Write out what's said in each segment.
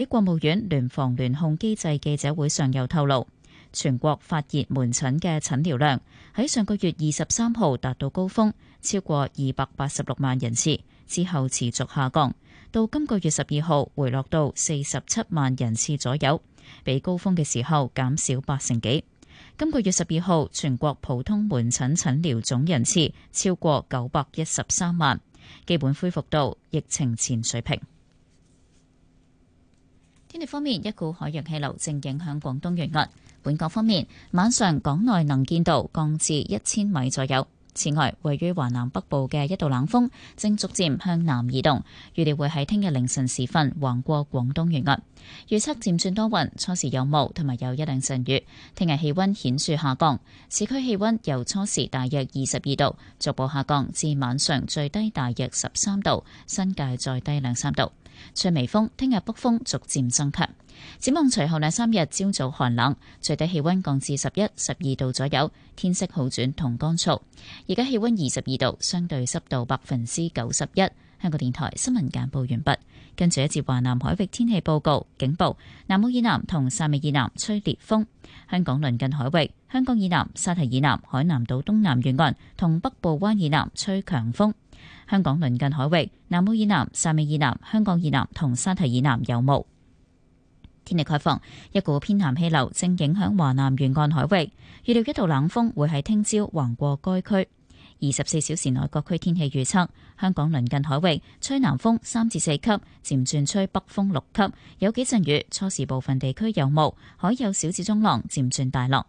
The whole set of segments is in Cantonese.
喺國務院聯防聯控機制記者會上又透露，全國發熱門診嘅診療量喺上個月二十三號達到高峰，超過二百八十六萬人次，之後持續下降，到今個月十二號回落到四十七萬人次左右，比高峰嘅時候減少八成幾。今個月十二號全國普通門診診療總人次超過九百一十三萬，基本恢復到疫情前水平。天氣方面，一股海洋氣流正影響廣東沿岸。本港方面，晚上港內能見度降至一千米左右。此外，位於華南北部嘅一道冷鋒正逐漸向南移動，預料會喺聽日凌晨時分橫過廣東沿岸。預測漸轉多雲，初時有霧同埋有一兩陣雨。聽日氣温顯著下降，市區氣温由初時大約二十二度，逐步下降至晚上最低大約十三度，新界再低兩三度。吹微風，聽日北風逐漸增強。展望隨後兩三日，朝早寒冷，最低氣温降至十一、十二度左右，天色好轉同乾燥。而家氣温二十二度，相對濕度百分之九十一。香港電台新聞簡報完畢。跟住一節華南海域天氣報告，警報：南澳以南同汕尾以南吹烈,烈風；香港鄰近海域、香港以南、沙提以南海南島東南沿岸同北部灣以南吹強風。香港鄰近海域、南澳以南、汕尾以南、香港以南同山提以南有霧，天氣開放。一股偏南氣流正影響華南沿岸海域，預料一道冷風會喺聽朝橫過該區。二十四小時內各區天氣預測：香港鄰近海域吹南風三至四級，漸轉吹北風六級，有幾陣雨。初時部分地區有霧，海有小至中浪，漸轉大浪。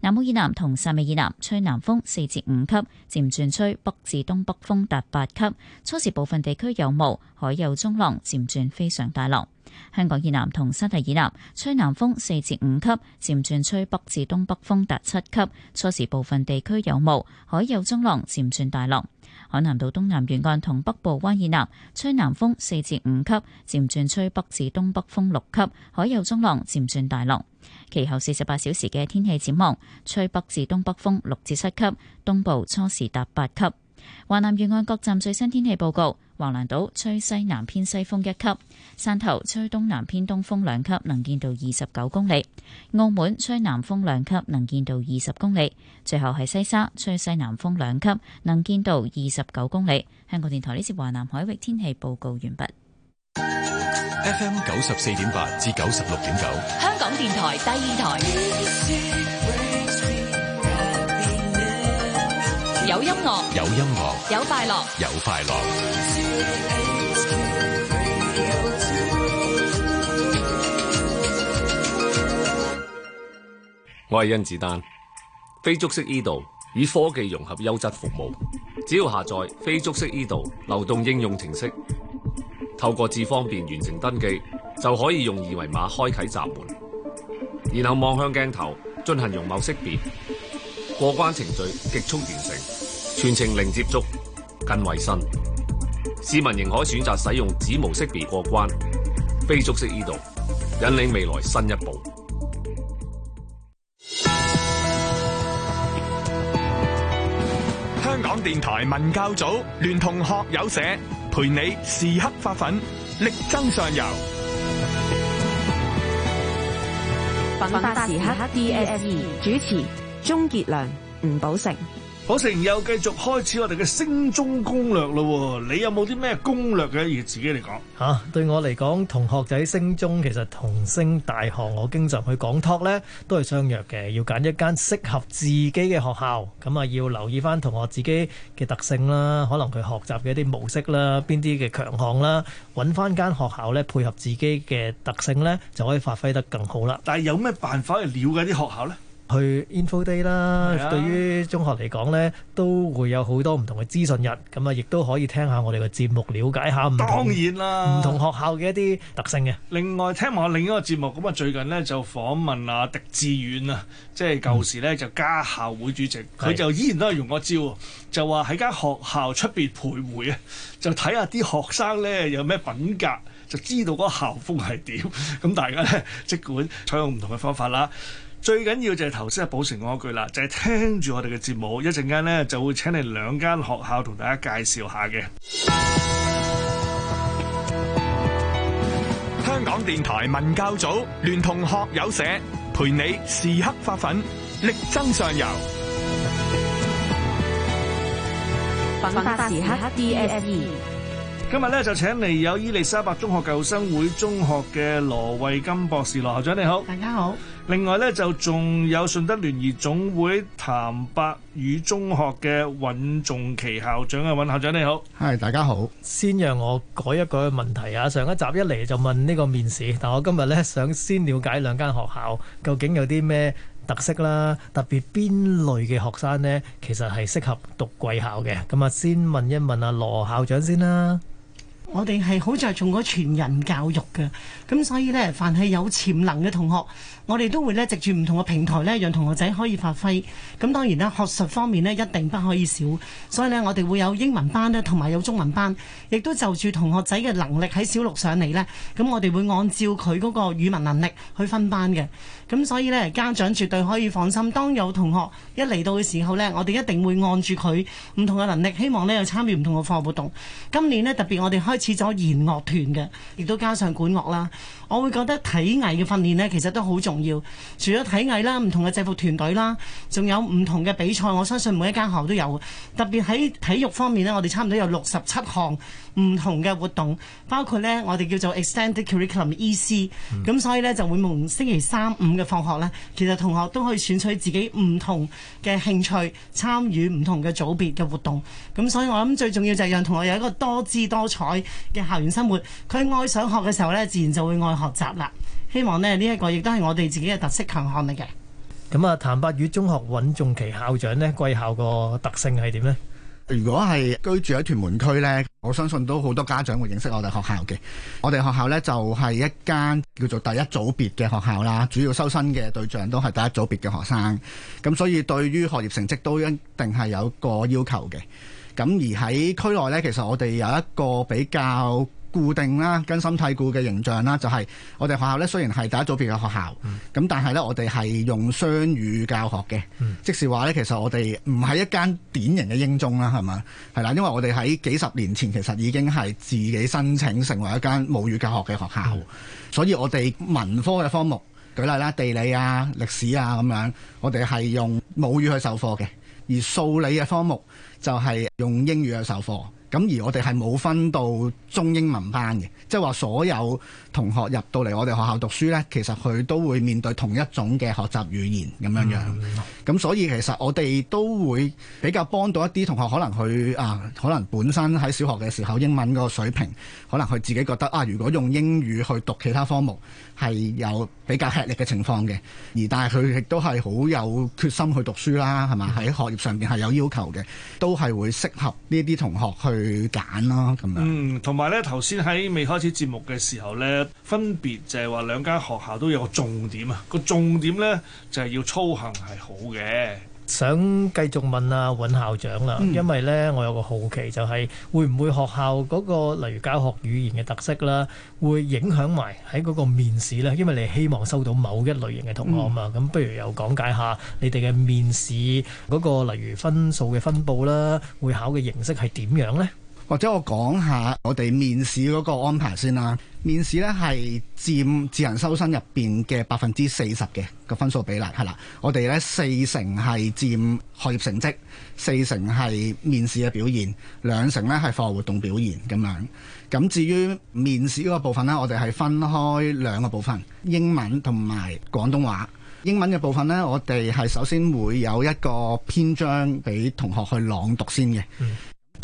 南澳以南同汕尾以南吹南風四至五級，漸轉吹北至東北風達八級。初時部分地區有霧，海有中浪，漸轉非常大浪。香港以南同新地以南吹南風四至五級，漸轉吹北至東北風達七級，初時部分地區有霧，海有中浪，漸轉大浪。海南島東南沿岸同北部灣以南吹南風四至五級，漸轉吹北至東北風六級，海有中浪，漸轉大浪。其後四十八小時嘅天氣展望，吹北至東北風六至七級，東部初時達八級。華南沿岸各站最新天氣報告。華南島吹西南偏西風一級，汕頭吹東南偏東風兩級，能見度二十九公里；澳門吹南風兩級，能見度二十公里；最後係西沙吹西南風兩級，能見度二十九公里。香港電台呢次華南海域天氣報告完畢。FM 九十四點八至九十六點九，香港電台第二台。 有音樂，有音樂，有快樂，有快樂。我係甄子丹，非觸式 e- 道以科技融合優質服務，只要下載非觸式 e- 道流動應用程式，透過智方便完成登記，就可以用二維碼開啟閘門，然後望向鏡頭進行容貌識別。過關程序極速完成，全程零接觸，更衛生。市民仍可選擇使用指模識別過關，非接觸依度，引領未來新一步。香港電台文教組聯同學友社陪你時刻發奮，力爭上游。粉發時刻 DSE 主持。鍾傑良、吳寶城，寶城又繼續開始我哋嘅升中攻略咯。你有冇啲咩攻略嘅？而自己嚟講吓，對我嚟講，同學仔升中其實同升大學，我經常去講托咧，都係相若嘅。要揀一間適合自己嘅學校，咁啊要留意翻同學自己嘅特性啦，可能佢學習嘅一啲模式啦，邊啲嘅強項啦，揾翻間學校咧配合自己嘅特性咧，就可以發揮得更好啦。但係有咩辦法去了解啲學校咧？去 Info Day 啦，啊、對於中學嚟講呢，都會有好多唔同嘅資訊日，咁啊，亦都可以聽下我哋嘅節目，了解下，當然啦，唔同學校嘅一啲特性嘅。另外聽下另一個節目，咁啊最近呢就訪問阿、啊、狄志遠啊，即係舊時呢就家校會主席，佢、嗯、就依然都係用嗰招，就話喺間學校出邊徘徊啊，就睇下啲學生呢有咩品格，就知道嗰校風係點。咁大家呢，即管採用唔同嘅方法啦。最緊要就係頭先阿寶城講嗰句啦，就係、是、聽住我哋嘅節目，一陣間咧就會請你兩間學校同大家介紹下嘅。香港電台文教組聯同學友社，陪你時刻發奮，力爭上游。奮發時刻 DSE。DS 今日咧就請嚟有伊利沙伯中學舊生會中學嘅羅惠金博士，羅校長你好，大家好。另外咧就仲有順德聯誼總會譚伯羽中學嘅尹仲其校長啊，尹校長你好，係大家好。先讓我改一改問題啊，上一集一嚟就問呢個面試，但我今日咧想先了解兩間學校究竟有啲咩特色啦，特別邊類嘅學生呢？其實係適合讀貴校嘅。咁啊，先問一問阿羅校長先啦。我哋係好着重嗰全人教育嘅，咁所以呢，凡係有潛能嘅同學。我哋都會咧藉住唔同嘅平台咧，讓同學仔可以發揮。咁當然咧，學術方面咧一定不可以少。所以呢，我哋會有英文班咧，同埋有中文班，亦都就住同學仔嘅能力喺小六上嚟呢。咁我哋會按照佢嗰個語文能力去分班嘅。咁所以呢，家長絕對可以放心。當有同學一嚟到嘅時候呢，我哋一定會按住佢唔同嘅能力，希望呢有參與唔同嘅課外活動。今年呢，特別，我哋開始咗弦樂團嘅，亦都加上管樂啦。我會覺得體藝嘅訓練咧，其實都好重要。除咗體藝啦，唔同嘅制服團隊啦，仲有唔同嘅比賽。我相信每一間學校都有。特別喺體育方面咧，我哋差唔多有六十七項唔同嘅活動，包括呢我哋叫做 extended curriculum（EC）、嗯。咁所以呢，就會每逢星期三五嘅放學呢，其實同學都可以選取自己唔同嘅興趣，參與唔同嘅組別嘅活動。咁所以我諗最重要就係讓同學有一個多姿多彩嘅校園生活。佢愛上學嘅時候呢，自然就會愛學習啦，希望咧，呢一個亦都係我哋自己嘅特色強項嚟嘅。咁啊，譚伯羽中學尹仲其校長呢，貴校個特性係點呢？如果係居住喺屯門區呢，我相信都好多家長會認識我哋學校嘅。我哋學校呢，就係一間叫做第一組別嘅學校啦，主要收生嘅對象都係第一組別嘅學生，咁所以對於學業成績都一定係有個要求嘅。咁而喺區內呢，其實我哋有一個比較。固定啦，根深蒂固嘅形象啦，就係我哋學校咧，雖然係第一組別嘅學校，咁、嗯、但係咧，我哋係用雙語教學嘅，嗯、即是話咧，其實，我哋唔係一間典型嘅英中啦，係嘛係啦，因為我哋喺幾十年前其實已經，係自己申請成為一間母語教學嘅學校，嗯、所以我哋文科嘅科目，舉例啦，地理啊、歷史啊咁樣，我哋係用母語去授課嘅，而數理嘅科目就係用英語去授課。咁而我哋係冇分到中英文班嘅，即係話所有同學入到嚟我哋學校讀書呢，其實佢都會面對同一種嘅學習語言咁樣樣。咁、嗯、所以其實我哋都會比較幫到一啲同學，可能佢啊，可能本身喺小學嘅時候英文個水平，可能佢自己覺得啊，如果用英語去讀其他科目係有比較吃力嘅情況嘅。而但係佢亦都係好有決心去讀書啦，係嘛？喺學業上面係有要求嘅，都係會適合呢啲同學去揀囉咁樣。嗯，同埋呢頭先喺未開始節目嘅時候呢。分別就係話兩間學校都有個重點啊，個重點呢，就係、是、要操行係好嘅。想繼續問啊，尹校長啦，嗯、因為呢，我有個好奇就係、是、會唔會學校嗰、那個例如教學語言嘅特色啦，會影響埋喺嗰個面試呢？因為你希望收到某一類型嘅同學啊嘛。咁、嗯、不如又講解下你哋嘅面試嗰、那個例如分數嘅分佈啦，會考嘅形式係點樣呢？或者我講下我哋面試嗰個安排先啦。面試呢係佔自行收生入邊嘅百分之四十嘅個分數比例，係啦。我哋呢四成係佔學業成績，四成係面試嘅表現，兩成呢係課外活動表現咁樣。咁至於面試嗰個部分呢，我哋係分開兩個部分，英文同埋廣東話。英文嘅部分呢，我哋係首先會有一個篇章俾同學去朗讀先嘅。嗯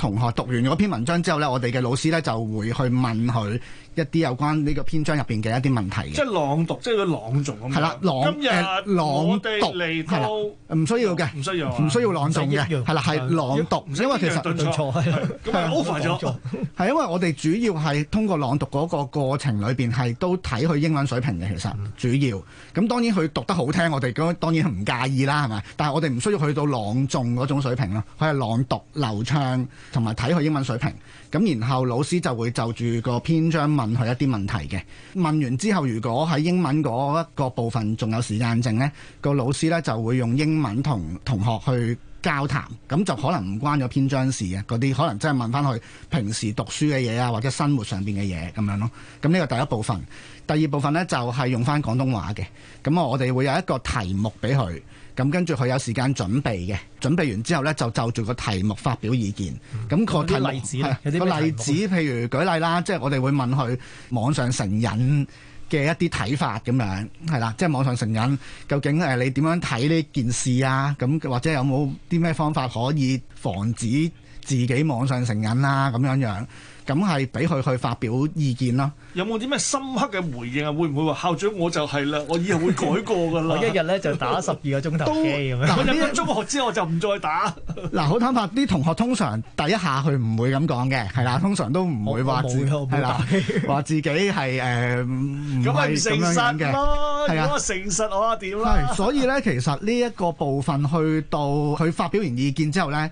同學讀完嗰篇文章之後咧，我哋嘅老師咧就會去問佢一啲有關呢個篇章入邊嘅一啲問題嘅，即係朗讀，即係佢朗讀。係啦，朗。今日朗讀嚟到，唔需要嘅，唔需要，唔需要朗讀嘅，係啦，係朗讀。因為其實唔錯，咁咪 over 咗。係因為我哋主要係通過朗讀嗰個過程裏邊，係都睇佢英文水平嘅。其實主要，咁當然佢讀得好聽，我哋咁當然唔介意啦，係咪？但係我哋唔需要去到朗誦嗰種水平咯，佢係朗讀流暢，同埋睇佢英文水平。咁，然後老師就會就住個篇章問佢一啲問題嘅。問完之後，如果喺英文嗰一個部分仲有時間剩呢，個老師呢就會用英文同同學去交談，咁就可能唔關咗篇章事嘅。嗰啲可能真係問翻佢平時讀書嘅嘢啊，或者生活上面嘅嘢咁樣咯。咁呢個第一部分，第二部分呢，就係、是、用翻廣東話嘅。咁啊，我哋會有一個題目俾佢。咁跟住佢有時間準備嘅，準備完之後呢，就就住個題目發表意見。咁、嗯、個題目例子，譬如舉例啦，即係我哋會問佢網上成癮嘅一啲睇法咁樣，係啦，即係網上成癮究竟誒你點樣睇呢件事啊？咁或者有冇啲咩方法可以防止自己網上成癮啊？咁樣樣。咁係俾佢去發表意見啦。有冇啲咩深刻嘅回應啊？會唔會話校長我就係啦，我以後會改過噶啦。 我一日咧就打十二個鐘頭機咁 但 樣。我入咗 中學之後就唔再打。嗱，好、啊、坦白，啲同學通常第一下佢唔會咁講嘅，係啦，通常都唔會話，係啦，話自己係誒，咁咪唔誠實嘅咯。係啊， 誠實我啊點啦？係，所以咧其實呢一個部分去到佢發表完意見之後咧。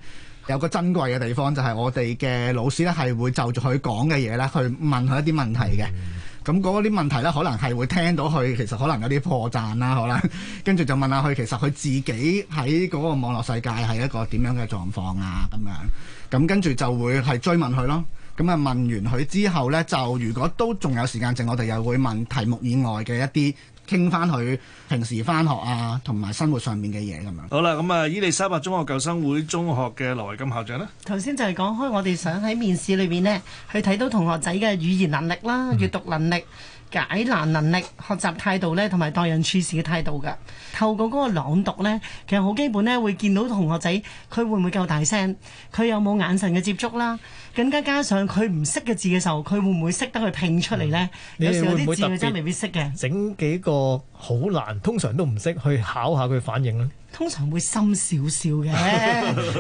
有個珍貴嘅地方就係、是、我哋嘅老師咧，係會就住佢講嘅嘢咧去問佢一啲問題嘅。咁嗰啲問題咧，可能係會聽到佢其實可能有啲破綻啦，可能跟住就問下佢其實佢自己喺嗰個網絡世界係一個點樣嘅狀況啊？咁樣咁跟住就會係追問佢咯。咁啊問完佢之後咧，就如果都仲有時間剩，我哋又會問題目以外嘅一啲。傾翻佢平時翻學啊，同埋生活上面嘅嘢咁樣。好啦，咁啊，伊利沙伯中學舊生會中學嘅羅惠金校長呢，頭先就係講開，我哋想喺面試裏邊呢，去睇到同學仔嘅語言能力啦、閱、嗯、讀能力。解難能力、學習態度咧，同埋待人處事嘅態度㗎。透過嗰個朗讀咧，其實好基本咧，會見到同學仔佢會唔會夠大聲，佢有冇眼神嘅接觸啦。更加加上佢唔識嘅字嘅時候，佢會唔會識得去拼出嚟咧？嗯、會會有時有啲字真係未必識嘅。整幾個好難，通常都唔識，去考下佢反應咧。通常會深少少嘅，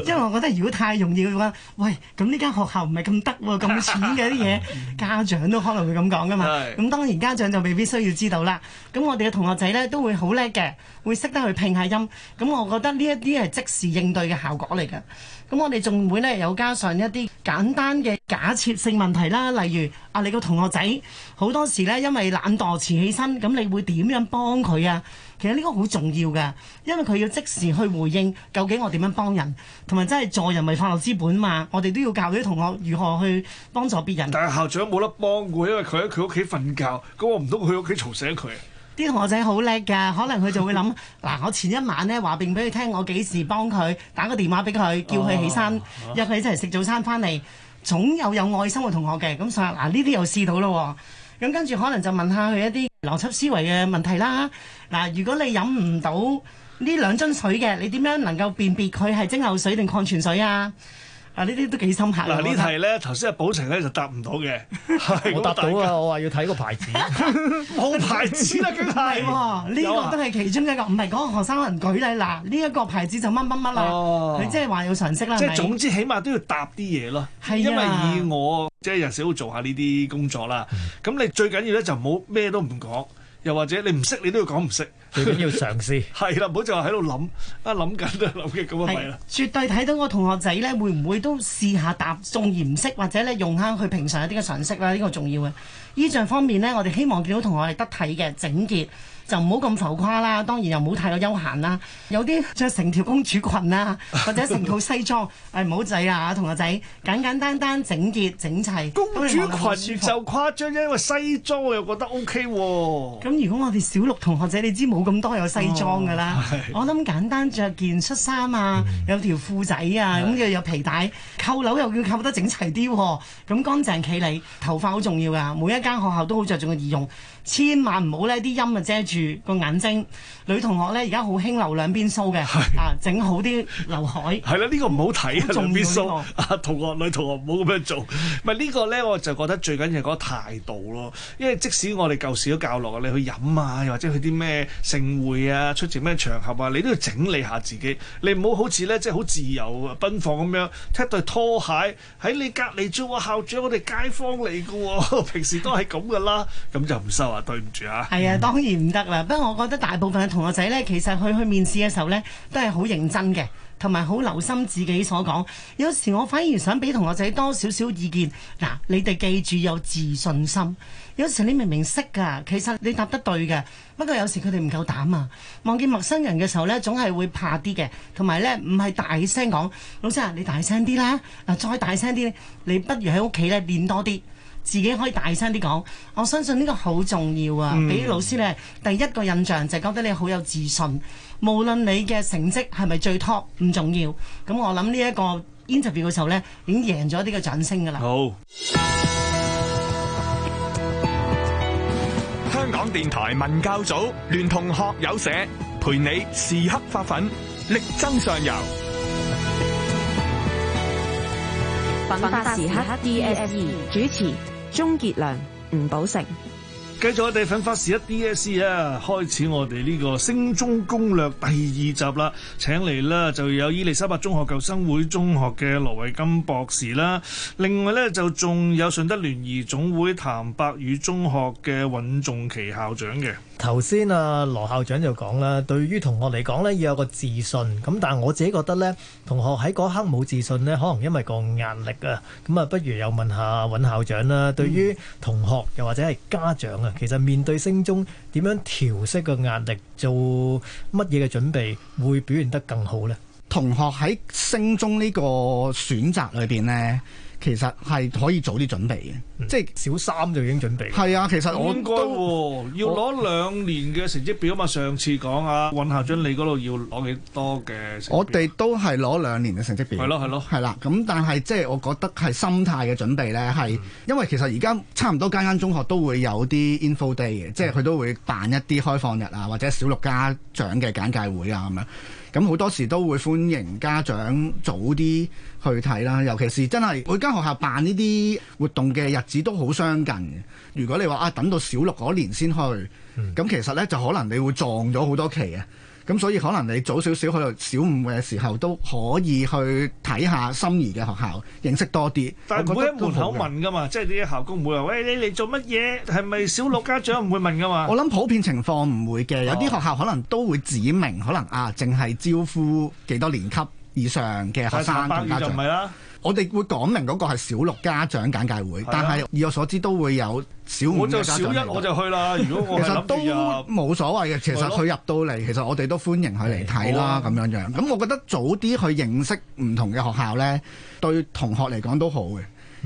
因為我覺得如果太容易嘅話，喂，咁呢間學校唔係咁得喎，咁淺嘅啲嘢，家長都可能會咁講噶嘛。咁當然家長就未必需要知道啦。咁我哋嘅同學仔呢，都會好叻嘅，會識得去拼下音。咁我覺得呢一啲係即時應對嘅效果嚟嘅。咁我哋仲會呢，有加上一啲簡單嘅假設性問題啦，例如啊，你個同學仔好多時呢，因為懶惰遲起身，咁你會點樣幫佢啊？其實呢個好重要嘅，因為佢要即時去回應，究竟我點樣幫人，同埋真係助人為快樂之本嘛。我哋都要教佢啲同學如何去幫助別人。但係校長冇得幫㗎，因為佢喺佢屋企瞓覺，咁我唔通去佢屋企吵醒佢？啲同學仔好叻㗎，可能佢就會諗，嗱 我前一晚咧話明俾佢聽，我幾時幫佢打個電話俾佢，叫佢起身，約佢、啊、一齊食早餐翻嚟，總有有愛心嘅同學嘅。咁所以嗱呢啲又試到咯，咁、啊、跟住可能就問下佢一啲。邏輯思維嘅問題啦，嗱，如果你飲唔到呢兩樽水嘅，你點樣能夠辨別佢係蒸餾水定礦泉水啊？啊！啊呢啲都幾深刻。嗱，呢題咧頭先阿寶城咧就答唔到嘅， 我答到啦。我話要睇個牌子，冇 牌子啦，梗係呢個都係其中一個，唔係嗰個學生能舉例。嗱，呢一個牌子就乜乜乜啦，佢、哦、即係話要常識啦。即係總之，起碼都要答啲嘢咯，啊、因為以我即係日常做下呢啲工作啦。咁 你最緊要咧就唔好咩都唔講，又或者你唔識，你都要講唔識。最緊要嘗試，係啦， 唔好淨係喺度諗，一諗緊都係諗嘅，咁啊係啦、啊啊啊，絕對睇到我同學仔咧，會唔會都試下搭送顏色，或者咧用返佢平常一啲嘅常色啦。呢、這個重要嘅，衣着方面咧，我哋希望見到同學係得體嘅，整潔。就唔好咁浮誇啦，當然又唔好太過休閒啦。有啲着成條公主裙啊，或者成套西裝，誒唔好仔啊，同學仔簡簡單單整潔整齊。公主裙就誇張，因為西裝又覺得 OK 喎。咁如果我哋小六同學仔，你知冇咁多有西裝㗎啦。哦、我諗簡單着件恤衫啊，有條褲仔啊，咁的又又皮帶扣紐又要扣得整齊啲喎、啊。咁乾淨企理，頭髮好重要㗎，每一間學校都好着重嘅儀容，易容，易容易。千萬唔好呢啲陰啊遮住個眼睛。女同學咧，而家好興留兩邊鬚嘅，是啊整好啲留海。係啦、 啊，呢、呢個唔好睇、啊，仲、呢個、兩邊鬚。啊、同學女同學，唔好咁樣做。唔 係、呢個、呢個咧，我就覺得最緊要嗰個態度咯。因為即使我哋舊時都教落，你去飲啊，又或者去啲咩盛會啊、出席咩場合啊，你都要整理下自己。你唔好好似咧，即係好自由奔放咁樣踢對拖鞋喺你隔離租個校長，我哋街坊嚟㗎喎。平時都係咁㗎啦，咁就唔收啊！ 對唔住啊，係啊，當然唔得啦。不過我覺得大部分嘅同學仔呢，其實去去面試嘅時候呢，都係好認真嘅，同埋好留心自己所講。有時我反而想俾同學仔多少少意見。嗱，你哋記住有自信心。有時你明明識噶，其實你答得對嘅。不過有時佢哋唔夠膽啊。望見陌生人嘅時候呢，總係會怕啲嘅，同埋呢，唔係大聲講。老師啊，你大聲啲啦。嗱，再大聲啲，你不如喺屋企呢，練多啲。自己可以大聲啲講，我相信呢個好重要啊！俾、嗯、老師咧，第一個印象就係覺得你好有自信，無論你嘅成績係咪最 top 唔重要。咁我諗呢一個 interview 嘅時候咧，已經贏咗呢個掌聲㗎啦。好，香港電台文教組聯同學友社，陪你時刻發奮，力爭上游。奮發時刻 D.S.E 主持鍾傑良、吳寶城，繼續我哋奮發時刻 D.S.E 啊！開始我哋呢個升中攻略第二集啦，請嚟啦就有伊利沙伯中學舊生會中學嘅羅惠金博士啦，另外咧就仲有順德聯誼總會譚伯羽中學嘅尹仲其校長嘅。頭先啊，羅校長就講啦，對於同學嚟講呢，要有個自信。咁但係我自己覺得呢，同學喺嗰刻冇自信呢，可能因為個壓力啊。咁啊，不如又問下尹校長啦。對於同學又或者係家長啊，其實面對升中點樣調適個壓力，做乜嘢嘅準備會表現得更好呢？同學喺升中呢個選擇裏邊呢。其實係可以早啲準備嘅，嗯、即係是小三就已經準備。係啊，其實我都應該、啊、要攞兩年嘅成績表嘛。我上次講啊，問校長你嗰度要攞幾多嘅？我哋都係攞兩年嘅成績表。係咯，係咯，係啦。咁但係即係我覺得係心態嘅準備咧，係、嗯、因為其實而家差唔多間間中學都會有啲 info day 嘅，嗯、即係佢都會辦一啲開放日啊，或者小六家長嘅簡介會咁啊。是。咁好多時都會歡迎家長早啲去睇啦，尤其是真係每間學校辦呢啲活動嘅日子都好相近嘅。如果你話啊等到小六嗰年先去，咁其實呢就可能你會撞咗好多期嘅啊。咁、嗯、所以可能你早少少去到小五嘅時候都可以去睇下心儀嘅學校，認識多啲。但係唔喺門口問噶嘛， 即係啲校工會話：，喂，你嚟做乜嘢？係咪小六家長唔 會問噶嘛？我諗普遍情況唔會嘅，有啲學校可能都會指明，可能啊，淨係招呼幾多年級以上嘅學生同家長。我哋會講明嗰個係小六家長簡介會，啊、但係以我所知都會有小五嘅家長嚟。我就小一我就去啦。 如果其實都冇所謂嘅，其實佢入到嚟， 其實我哋都歡迎佢嚟睇啦，咁、啊、樣樣。咁我覺得早啲去認識唔同嘅學校呢，對同學嚟講都好嘅，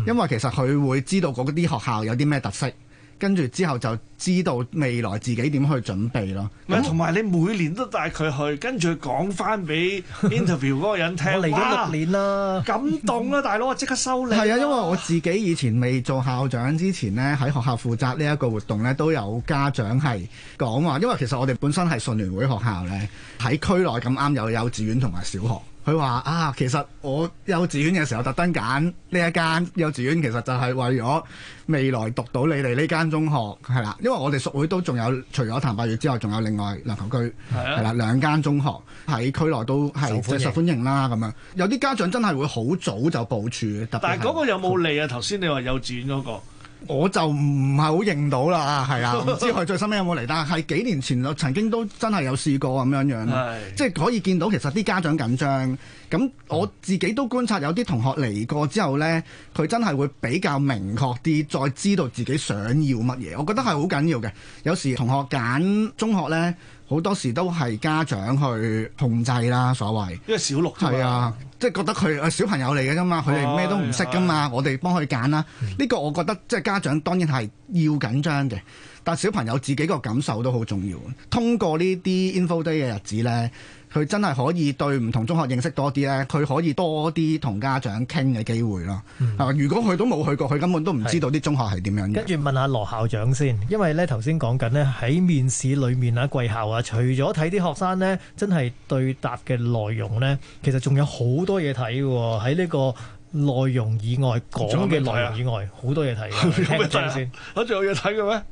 因為其實佢會知道嗰啲學校有啲咩特色。跟住之後就知道未來自己點去準備咯。同埋、嗯、你每年都帶佢去，跟住講翻俾 interview 嗰 人聽。我嚟咗六年啦，哇感動啦、啊，大佬，即 刻收你。係啊，因為我自己以前未做校長之前呢，喺學校負責呢一個活動呢，都有家長係講話，因為其實我哋本身係信聯會學校咧，喺區內咁啱有幼稚園同埋小學。佢話啊，其實我幼稚園嘅時候特登揀呢一間幼稚園，其實就係為咗未來讀到你哋呢間中學，係啦，因為我哋屬會都仲有，除咗譚伯羽之外，仲有另外梁銶琚，係啦的，兩間中學喺區內都係熱受，受歡迎啦。咁樣有啲家長真係會好早就部署。特別。但係嗰個有冇利啊？頭先你話幼稚園嗰、嗰個。我就唔係好認到啦，係啊，唔知佢最新咩有冇嚟，但係 幾年前就曾經都真係有試過咁樣樣，即係 可以見到其實啲家長緊張，咁我自己都觀察有啲同學嚟過之後呢，佢真係會比較明確啲，再知道自己想要乜嘢，我覺得係好緊要嘅。有時同學揀中學呢。好多時都係家長去控制啦，所謂，因為小六係啊，即、就、係、是、覺得佢小朋友嚟嘅啫嘛，佢哋咩都唔識噶嘛，啊、我哋幫佢揀啦。呢、嗯、個我覺得即係家長當然係要緊張嘅，但係小朋友自己個感受都好重要嘅。通過呢啲 Info Day 嘅日子咧。佢真係可以對唔同中學認識多啲咧，佢可以多啲同家長傾嘅機會咯。啊，如果佢都冇去過，佢根本都唔知道啲中學係點樣、嗯。跟住問,問下羅校長先，因為咧頭先講緊呢，喺面試裡面啊，貴校啊，除咗睇啲學生呢，真係對答嘅內容呢，其實仲有好多嘢睇喎。喺呢個內容以外講嘅內容以外，好、啊、多嘢睇。聽唔聽先？啊，我仲有嘢睇嘅咩？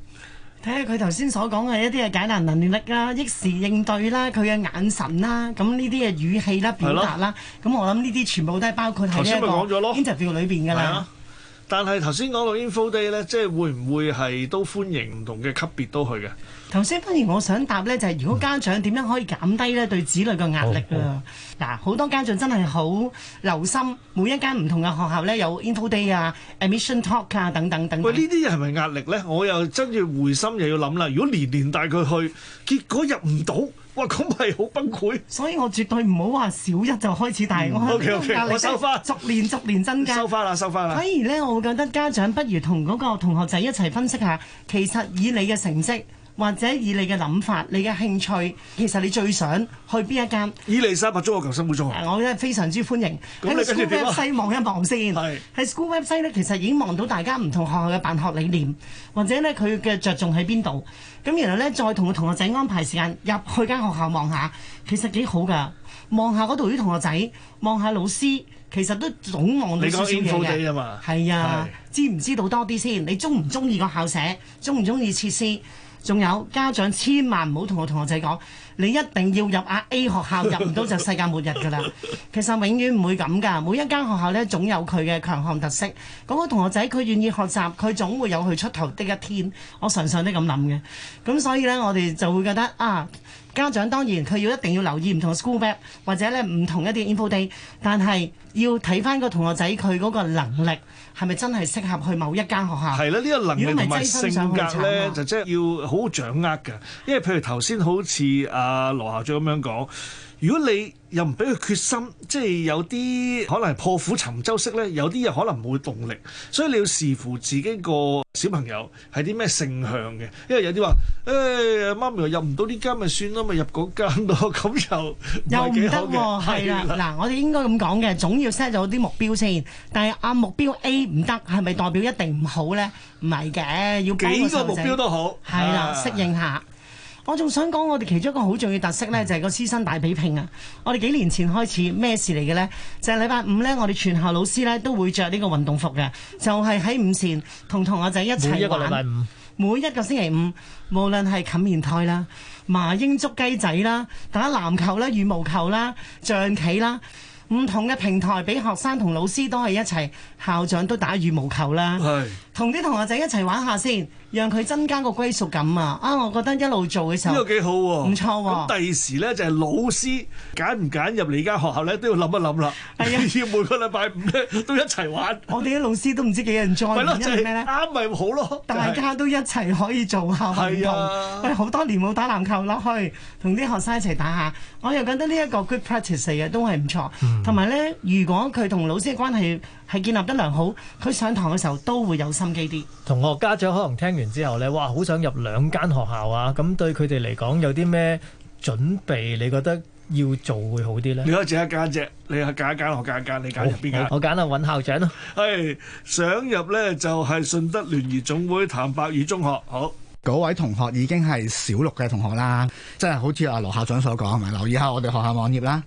睇下佢頭先所講嘅一啲嘅解難能力啦、即時應對啦、佢嘅眼神啦，咁呢啲嘅語氣啦、表達啦，咁的我諗呢啲全部都係包括喺呢個 interview 裏邊㗎啦。但係頭先講到 info day 咧，即係會唔會係都歡迎唔同嘅級別都去嘅？頭先不如我想答咧，就係、是、如果家長點樣可以減低咧對子女嘅壓力啊？嗱、oh, oh，好多家長真係好留心每一間唔同嘅學校咧，有 info day 啊、admission talk 啊等等等。等等喂，是是呢啲係咪壓力咧？我又真要回心又要諗啦。如果年年帶佢去，結果入唔到。哇，咁係好崩潰。所以我絕對唔好話小一就開始大。我收翻、逐年逐年增加，收翻啦，收翻啦。反而咧，我會覺得家長不如同嗰個同學仔一齊分析下，其實以你嘅成績，或者以你嘅諗法，你嘅興趣，其實你最想去邊一間？伊利沙伯中學舊生會中學啊！我真係非常之歡迎喺 school web site 望一望先。喺 是 school web site 咧，其實已經望到大家唔同學校嘅辦學理念，或者咧佢嘅着重喺邊度。咁然後咧，再同個同學仔安排時間入去間學校望下，其實幾好噶。望下嗰度啲同學仔，望下老師，其實都總望到你講粗粗啲啊嘛？係 啊，是知唔知道多啲先？你鍾唔鍾意個校舍？鍾唔鍾意設施？仲有家長千萬唔好同我同學仔講，你一定要入啊 A 學校，入唔到就世界末日噶啦！ 其實永遠唔會咁噶，每一間學校咧，總有佢嘅強項特色。咁、那個同學仔佢願意學習，佢總會有佢出頭的一天。我常常都咁諗嘅。咁所以呢，我哋就會覺得啊，家長當然佢要一定要留意唔同嘅 school back 或者咧唔同一啲 info day，但係要睇翻個同學仔佢嗰個能力。係咪真係適合去某一間學校？係啦，呢、這個能力同埋性格咧，就，啊、就即係要好好掌握嘅。因為譬如頭先好似阿、啊、羅校長咁樣講。如果你又唔俾佢決心，即係有啲可能係破釜沉舟式咧，有啲嘢可能冇動力，所以你要視乎自己個小朋友係啲咩性向嘅，因為有啲話，誒媽咪又入唔到呢間，咪算咯，咪入嗰間咯，咁又又唔得嘅，係啦。嗱，我哋應該咁講嘅，總要 set 咗啲目標先。但係啊目標 A 唔得，係咪代表一定唔好咧？唔係嘅，要幾個目標都好，係啦，適應下。我仲想講，我哋其中一個好重要特色呢，就係個師生大比拼啊！我哋幾年前開始，咩事嚟嘅呢？就係禮拜五呢，我哋全校老師呢都會着呢個運動服嘅，就係喺午前同同學仔一齊玩。每一個禮拜五，每一個星期五，無論係冚面胎啦、麻鷹捉雞仔啦、打籃球啦、羽毛球啦、象棋啦，唔同嘅平台，俾學生同老師都係一齊。校長都打羽毛球啦。係。同啲同學仔一齊玩下先，讓佢增加個歸屬感啊！啊，我覺得一路做嘅時候，呢個幾好喎，唔錯喎。咁第時咧就係老師揀唔揀入嚟間學校咧都要諗一諗啦。係啊呀，要 每個禮拜五都一齊玩。 我哋啲老師都唔知幾人 join，咩咧？啱咪好咯，就係、大家都一齊可以做下運動。係啊，我哋好多年冇打籃球啦，去同啲學生一齊打下。我又覺得呢一個 good practice 嘅都係唔錯。同埋咧，如果佢同老師嘅關係係建立得良好，佢上堂嘅時候都會有。心啲，同學家長可能聽完之後咧，哇，好想入兩間學校啊！咁對佢哋嚟講，有啲咩準備？你覺得要做會好啲咧？你可以揀一間啫，你去揀一間學揀一間，你揀入邊間？我揀啊，尹校長咯。係想入咧，就係順德聯誼總會譚伯羽中學。好，嗰位同學已經係小六嘅同學啦，即係好似阿羅校長所講，係咪？留意下我哋學校網頁啦，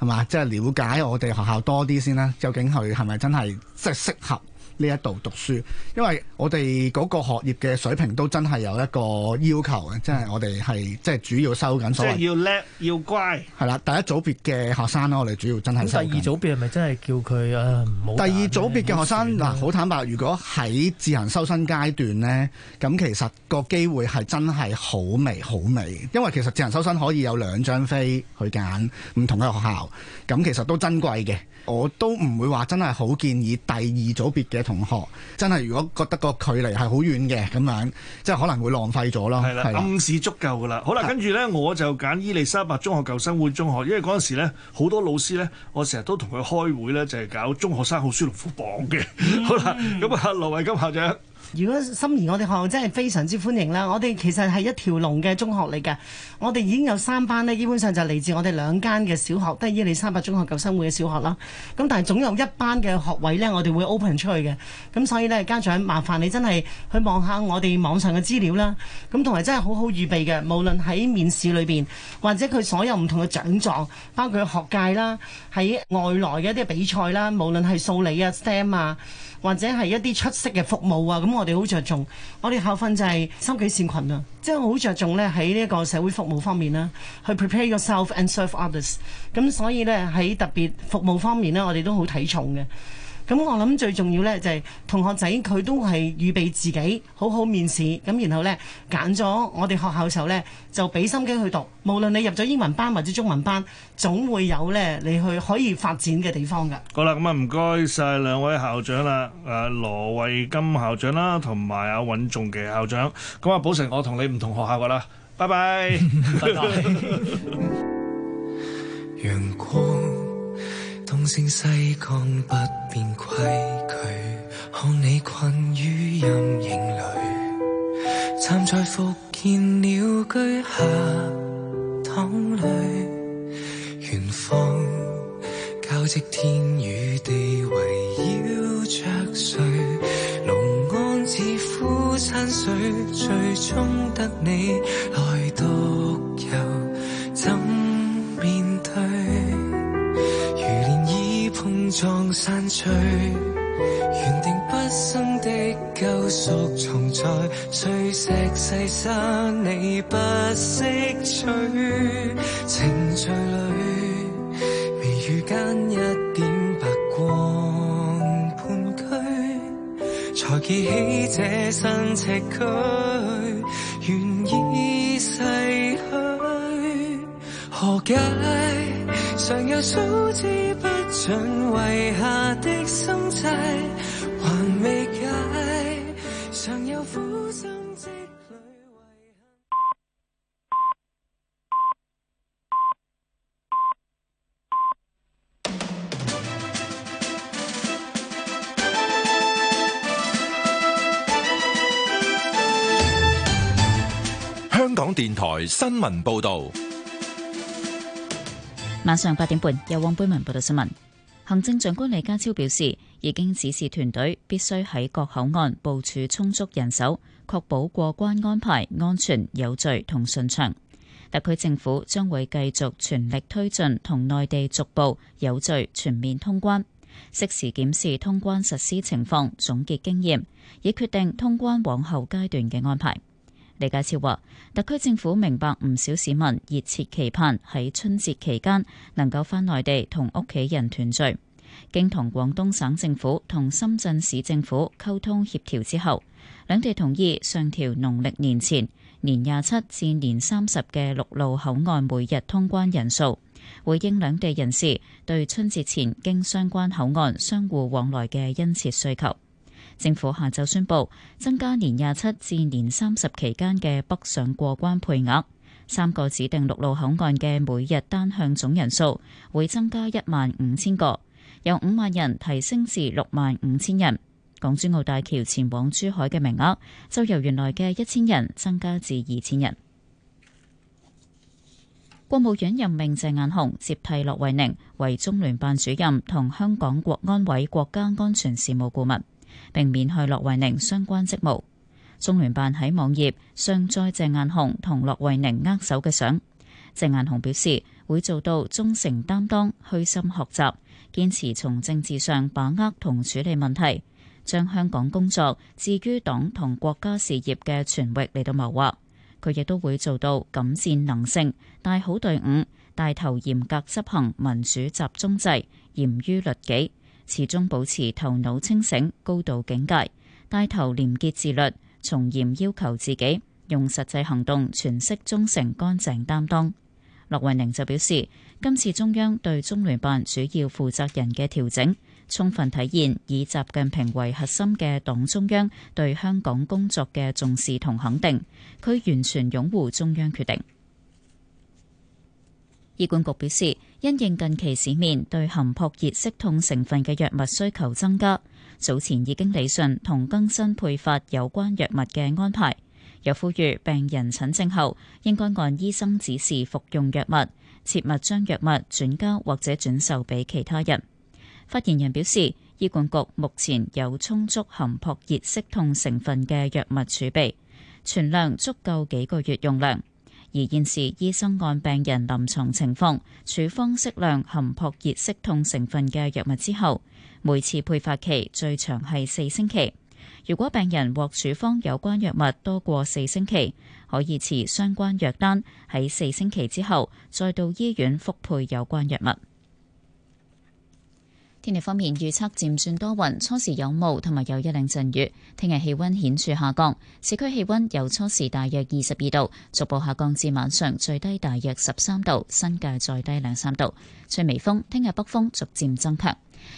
係嘛？即係了解我哋學校多啲先啦。究竟佢係咪真係即係適合呢一度讀書，因為我哋嗰個學業嘅水平都真係有一個要求嘅、嗯，即係我哋係即係主要收緊所謂。即係要叻要乖。係啦，第一組別嘅學生咧，我哋主要真係收緊。第二組別係咪真係叫佢誒？呃啊、第二組別嘅學生嗱，好、啊、坦白，如果喺自行收生階段呢，咁其實個機會係真係好微好微，因為其實自行收生可以有兩張飛去揀唔同嘅學校，咁其實都珍貴嘅，我都唔會話真係好建議第二組別嘅。同學真係如果覺得個距離係好遠嘅咁樣，即係可能會浪費咗咯。係啦的，的暗示足夠噶啦。好啦，跟住咧我就揀伊利沙伯中學舊生會中學，因為嗰陣時咧好多老師咧，我成日都同佢開會咧，就係、是、搞中學生好書龍虎榜嘅。 mm hmm. 好啦，咁啊，羅惠金校長，如果心儀我哋學校真係非常之歡迎啦，我哋其實係一條龍嘅中學嚟嘅，我哋已經有三班呢，基本上就嚟自我哋兩間嘅小學，都係伊利沙伯中學舊生會嘅小學啦。咁但係總有一班嘅學位呢，我哋會 open 出去嘅。咁所以呢，家長麻煩你真係去望下我哋網上嘅資料啦。咁同埋真係好好預備嘅，無論喺面試裏邊，或者佢所有唔同嘅獎狀，包括學界啦，喺外來嘅一啲比賽啦，無論係數理啊、STEM 啊。或者係一啲出色嘅服務啊，咁我哋好着重，我哋校訓就係修己善群啊，即係好着重咧喺呢個社會服務方面啦、啊，去 prepare yourself and serve others。咁所以咧喺特別服務方面咧，我哋都好睇重嘅。咁我諗最重要呢，就係、是、同學仔佢都係預備自己好好面試，咁然後呢，揀咗我哋學校嘅時候呢，就俾心機去讀，無論你入咗英文班或者中文班，總會有呢你去可以發展嘅地方噶。好啦，咁啊唔該晒兩位校長啦，誒羅惠金校長啦，同埋阿尹仲其校長。咁啊，寶城我你同你唔同學校噶啦，拜拜。東升西降不變規矩，看你困於陰影裏，站在伏見鳥居下淌淚，遠方交織天與地圍繞着誰？龍安寺夫參水，最終得你來獨遊，怎？撞山摧，原定不生的救贖，藏在碎石細沙，你不識取。情緒裏，微雨間一點白光盤踞，才記起這身赤軀，原已逝去，何解？常有數之不盡遺下的心債還未解，常有苦心積累遺恨。香港電台新聞報導。晚上八點半，有汪佩雯報道新聞。行政長官李家超表示，已經指示團隊必須喺各口岸部署充足人手，確保過關安排安全有序同順暢。特區政府將會繼續全力推進同內地逐步有序全面通關，適時檢視通關實施情況，總結經驗，以決定通關往後階段嘅安排。李家超話特區政府明白唔少市民熱切期盼喺春節期間能夠返內地同屋企人團聚，經同廣東省政府同深圳市政府溝通協調之後，兩地同意上調農曆年前年廿七至年三十嘅陸路口岸每日通關人數，回應兩地人士對春節前經相關口岸相互往來嘅殷切需求。政府下晝宣布，增加年廿七至年三十期間嘅北上過關配額。三個指定陸路口岸嘅每日單向總人數會增加一萬五千個，由五萬人提升至六萬五千人。港珠澳大橋前往珠海嘅名額就由原來嘅一千人增加至二千人。國務院任命鄭雁雄接替駱惠寧為中聯辦主任，同香港國安委國家安全事務顧問。並免去駱惠寧相關職務。中聯辦喺網頁上載鄭雁雄同駱惠寧握手嘅相。鄭雁雄表示會做到忠誠擔當、虛心學習，堅持從政治上把握同處理問題，將香港工作置於黨同國家事業嘅全局嚟到謀劃。佢亦都會做到敢戰能勝、帶好隊伍、帶頭嚴格執行民主集中制、嚴於律己。始終保持頭腦清醒、高度警戒，帶頭廉潔自律、從嚴要求自己，用實際行動詮釋忠誠、乾淨、擔當。駱惠寧就表示，今次中央對中聯辦主要負責人嘅調整，充分體現以習近平為核心嘅黨中央對香港工作嘅重視同肯定，佢完全擁護中央決定。醫管局表示，因應近期市面對含撲熱息痛成分嘅藥物需求增加，早前已經理順同更新配發有關藥物嘅安排，又呼籲病人診症後應該按醫生指示服用藥物，切勿將藥物轉交或者轉售俾其他人。發言人表示，醫管局目前有充足含撲熱息痛成分嘅藥物儲備，存量足夠幾個月用量。而現時醫生按病人臨床情況，處方適量含撲熱息痛成分嘅藥物之後，每次配發期最長係四星期。如果病人獲處方有關藥物多過四星期，可以持相關藥單喺四星期之後，再到醫院復配有關藥物。天氣方面預測漸轉多雲，初時有霧同埋有一兩陣雨。聽日氣溫顯著下降，市區氣溫由初時大約二十二度，逐步下降至晚上最低大約十三度，新界再低兩三度。吹微風，聽日北風逐漸增強。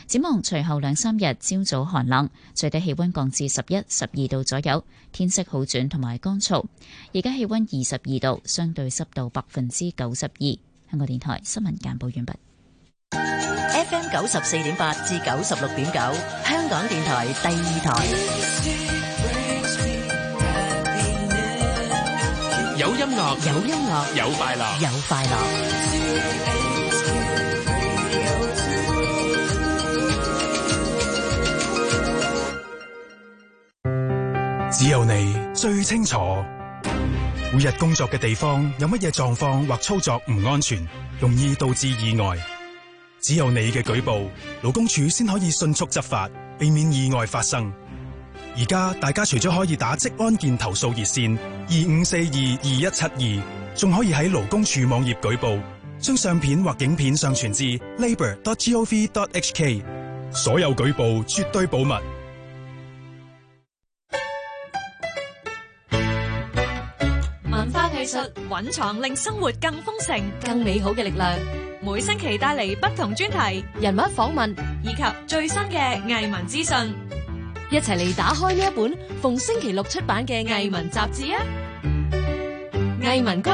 展望隨後兩三日，朝早寒冷，最低氣溫降至十一、十二度左右，天色好轉同埋乾燥。而家氣溫二十二度，相對濕度百分之九十二。香港電台新聞簡報完畢。FM 九十四點八至九十六點九，香港電台第二台。有音樂，有音樂，有快樂，有快樂。只有你最清楚，每日工作嘅地方有乜嘢狀況或操作唔安全，容易導致意外。只有你嘅舉報，勞工處先可以迅速執法，避免意外發生。而家大家除咗可以打職安健投訴熱線二五四二二一七二，仲可以喺勞工處網頁舉報，將相片或影片上傳至 labour.gov.hk。所有舉報絕對保密。文化藝術蘊藏令生活更豐盛、更美好嘅力量。每星期帶嚟不同專題、人物訪問以及最新嘅藝文資訊，一齊嚟打開呢一本逢星期六出版嘅藝文雜誌啊！藝文曲。